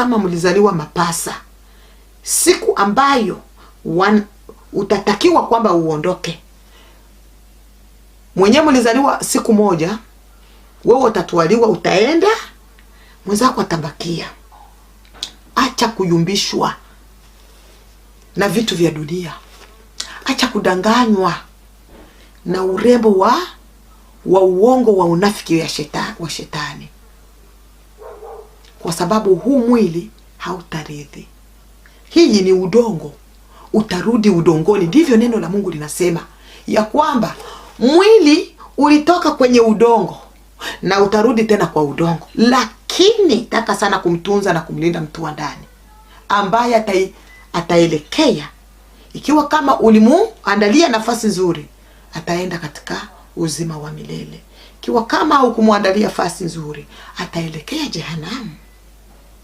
kama mlizaliwa mapasa, siku ambayo wan, utatakiwa kwamba uondoke mwenyewe. Mlizaliwa siku moja, wewe utatwaliwa, utaenda, mwenzako atabakia. Acha kuyumbishwa na vitu vya dunia, acha kudanganywa na urembo wa wa uongo wa unafiki wa shetani, wa shetani kwa sababu huu mwili hautarithi. Hii ni udongo, utarudi udongoni. Ndivyo neno la Mungu linasema ya kwamba mwili ulitoka kwenye udongo na utarudi tena kwa udongo, lakini taka sana kumtunza na kumlinda mtu wa ndani ambaye atai, ataelekea ikiwa kama ulimuandalia nafasi nzuri, ataenda katika uzima wa milele. Ikiwa kama hukumwandalia nafasi nzuri, ataelekea jehanamu.